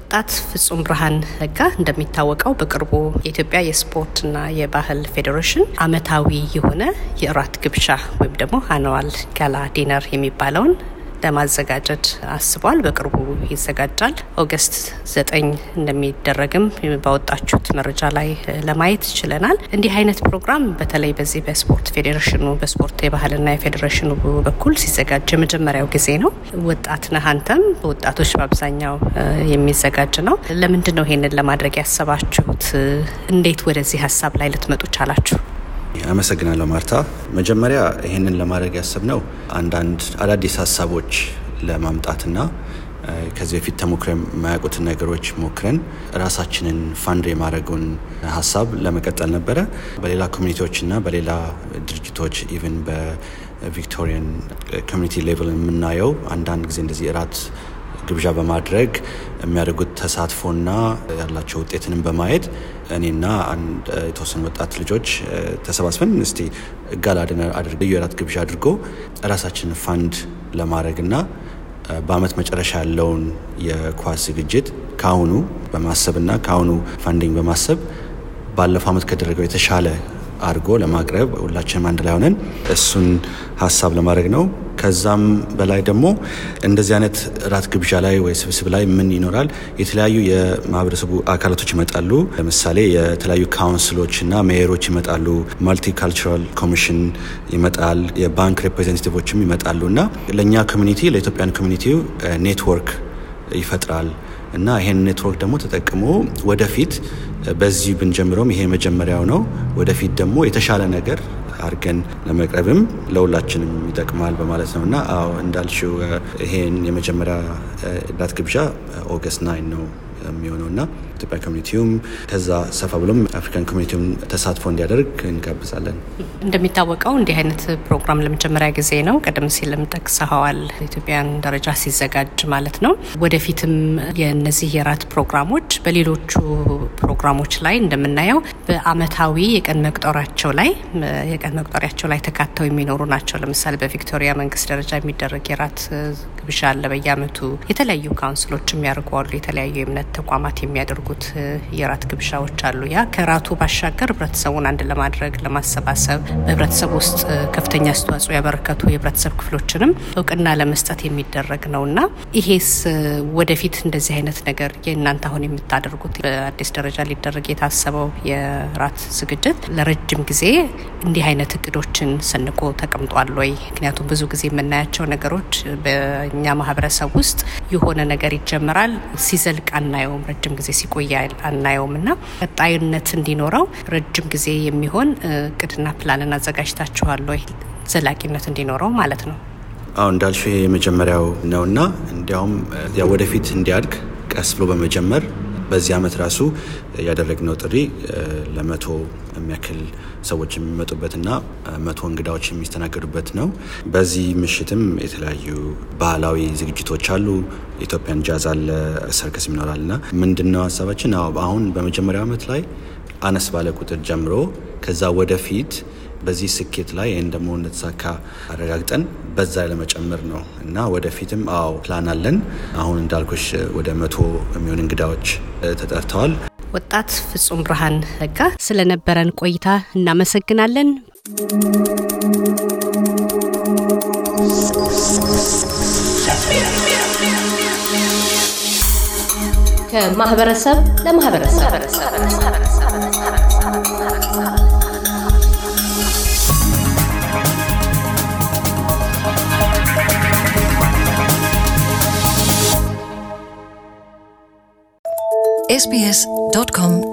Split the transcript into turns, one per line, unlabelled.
ወጣት ፍጹም ብርሃን ጋ እንደሚታወቀው በቅርቡ የኢትዮጵያ የስፖርትና የባህል ፌዴሬሽን አመታዊ የሆነ የእራት ግብሻ ወይም ደግሞ አነዋል ጋላ ዲነር የሚባለውን ለማዘጋጀት አስቧል። በቅርቡ ይዘጋጃል። ኦገስት ዘጠኝ እንደሚደረግም ባወጣችሁት መረጃ ላይ ለማየት ችለናል። እንዲህ አይነት ፕሮግራም በተለይ በዚህ በስፖርት ፌዴሬሽኑ በስፖርት የባህልና የፌዴሬሽኑ በኩል ሲዘጋጅ የመጀመሪያው ጊዜ ነው። ወጣት ነህ አንተም በወጣቶች በአብዛኛው የሚዘጋጅ ነው። ለምንድን ነው ይሄንን ለማድረግ ያሰባችሁት? እንዴት ወደዚህ ሀሳብ ላይ ልትመጡ ቻላችሁ?
አመሰግናለሁ ማርታ። መጀመሪያ ይህንን ለማድረግ ያሰብነው አንዳንድ አዳዲስ ሀሳቦች ለማምጣትና ከዚህ በፊት ተሞክረ የማያውቁትን ነገሮች ሞክረን ራሳችንን ፋንድ የማድረጉን ሀሳብ ለመቀጠል ነበረ። በሌላ ኮሚኒቲዎችና በሌላ ድርጅቶች ኢቨን በቪክቶሪያን ኮሚኒቲ ሌቭል የምናየው አንዳንድ ጊዜ እንደዚህ እራት ግብዣ በማድረግ የሚያደርጉት ተሳትፎና ያላቸው ውጤትንም በማየት እኔና አንድ የተወሰኑ ወጣት ልጆች ተሰባስበን እስቲ ጋላ አድርገ የራት ግብዣ አድርጎ ራሳችንን ፋንድ ለማድረግና በአመት መጨረሻ ያለውን የኳስ ዝግጅት ከአሁኑ በማሰብና ከአሁኑ ፋንዲንግ በማሰብ ባለፈው አመት ከደረገው የተሻለ አድርጎ ለማቅረብ ሁላችንም አንድ ላይ ሆነን እሱን ሀሳብ ለማድረግ ነው። ከዛም በላይ ደግሞ እንደዚህ አይነት ራት ግብዣ ላይ ወይ ስብስብ ላይ ምን ይኖራል? የተለያዩ የማህበረሰቡ አካላቶች ይመጣሉ። ለምሳሌ የተለያዩ ካውንስሎች እና ሜየሮች ይመጣሉ። ማልቲካልቸራል ኮሚሽን ይመጣል። የባንክ ሪፕሬዘንታቲቮችም ይመጣሉ እና ለእኛ ኮሚኒቲ ለኢትዮጵያን ኮሚኒቲ ኔትወርክ ይፈጥራል እና ይሄን ኔትወርክ ደግሞ ተጠቅሞ ወደፊት በዚህ ብንጀምረውም ይሄ መጀመሪያው ነው። ወደፊት ደግሞ የተሻለ ነገር አድርገን ለመቅረብም ለሁላችንም ይጠቅማል በማለት ነው እና አዎ እንዳልሽው ይሄን የመጀመሪያ እዳት ግብዣ ኦገስት ናይን ነው የሚሆነው እና ኢትዮጵያ ኮሚኒቲውም ከዛ ሰፋ ብሎም አፍሪካን ኮሚኒቲውም ተሳትፎ እንዲያደርግ እንጋብዛለን።
እንደሚታወቀው እንዲህ አይነት ፕሮግራም ለመጀመሪያ ጊዜ ነው። ቀደም ሲልም ጠቅሰኸዋል፣ ኢትዮጵያን ደረጃ ሲዘጋጅ ማለት ነው። ወደፊትም የእነዚህ የራት ፕሮግራሞች በሌሎቹ ፕሮግራሞች ላይ እንደምናየው በአመታዊ የቀን መቁጠሪያቸው ላይ የቀን መቁጠሪያቸው ላይ ተካተው የሚኖሩ ናቸው። ለምሳሌ በቪክቶሪያ መንግስት ደረጃ የሚደረግ የራት ግብዣ አለ በየአመቱ የተለያዩ ካውንስሎች የሚያደርጉ አሉ። የተለያዩ የእምነት ተቋማት የሚያደርጉ የሚደረጉት የራት ግብዣዎች አሉ። ያ ከራቱ ባሻገር ህብረተሰቡን አንድ ለማድረግ ለማሰባሰብ፣ በህብረተሰብ ውስጥ ከፍተኛ አስተዋጽኦ ያበረከቱ የህብረተሰብ ክፍሎችንም እውቅና ለመስጠት የሚደረግ ነው እና ይሄስ ወደፊት እንደዚህ አይነት ነገር የእናንተ አሁን የምታደርጉት በአዲስ ደረጃ ሊደረግ የታሰበው የራት ዝግጅት ለረጅም ጊዜ እንዲህ አይነት እቅዶችን ሰንቆ ተቀምጧል ወይ? ምክንያቱም ብዙ ጊዜ የምናያቸው ነገሮች በእኛ ማህበረሰብ ውስጥ የሆነ ነገር ይጀምራል፣ ሲዘልቅ አናየውም፣ ረጅም ጊዜ ሲቆ አኳያ አናየውም እና ቀጣይነት እንዲኖረው ረጅም ጊዜ የሚሆን እቅድና ፕላንን አዘጋጅታችኋለ ዘላቂነት እንዲኖረው ማለት ነው።
አሁ እንዳልሽ የመጀመሪያው ነውና እንዲያውም ወደፊት እንዲያድግ ቀስ ብሎ በመጀመር በዚህ ዓመት ራሱ ያደረግነው ጥሪ ለመቶ የሚያክል ሰዎች የሚመጡበትና መቶ እንግዳዎች የሚስተናገዱበት ነው። በዚህ ምሽትም የተለያዩ ባህላዊ ዝግጅቶች አሉ። ኢትዮጵያን ጃዝ አለ፣ ሰርከስ ይኖራል እና ምንድነው ሀሳባችን አሁን በመጀመሪያው ዓመት ላይ አነስ ባለ ቁጥር ጀምሮ ከዛ ወደፊት በዚህ ስኬት ላይ ይህን ደግሞ እንድትሳካ አረጋግጠን በዛ ለመጨመር ነው እና ወደፊትም አዎ ፕላን አለን። አሁን እንዳልኩሽ ወደ መቶ የሚሆን እንግዳዎች ተጠርተዋል።
ወጣት ፍጹም ብርሃን ህጋ ስለነበረን ቆይታ እናመሰግናለን። ከማህበረሰብ ለማህበረሰብ
sbs.com.au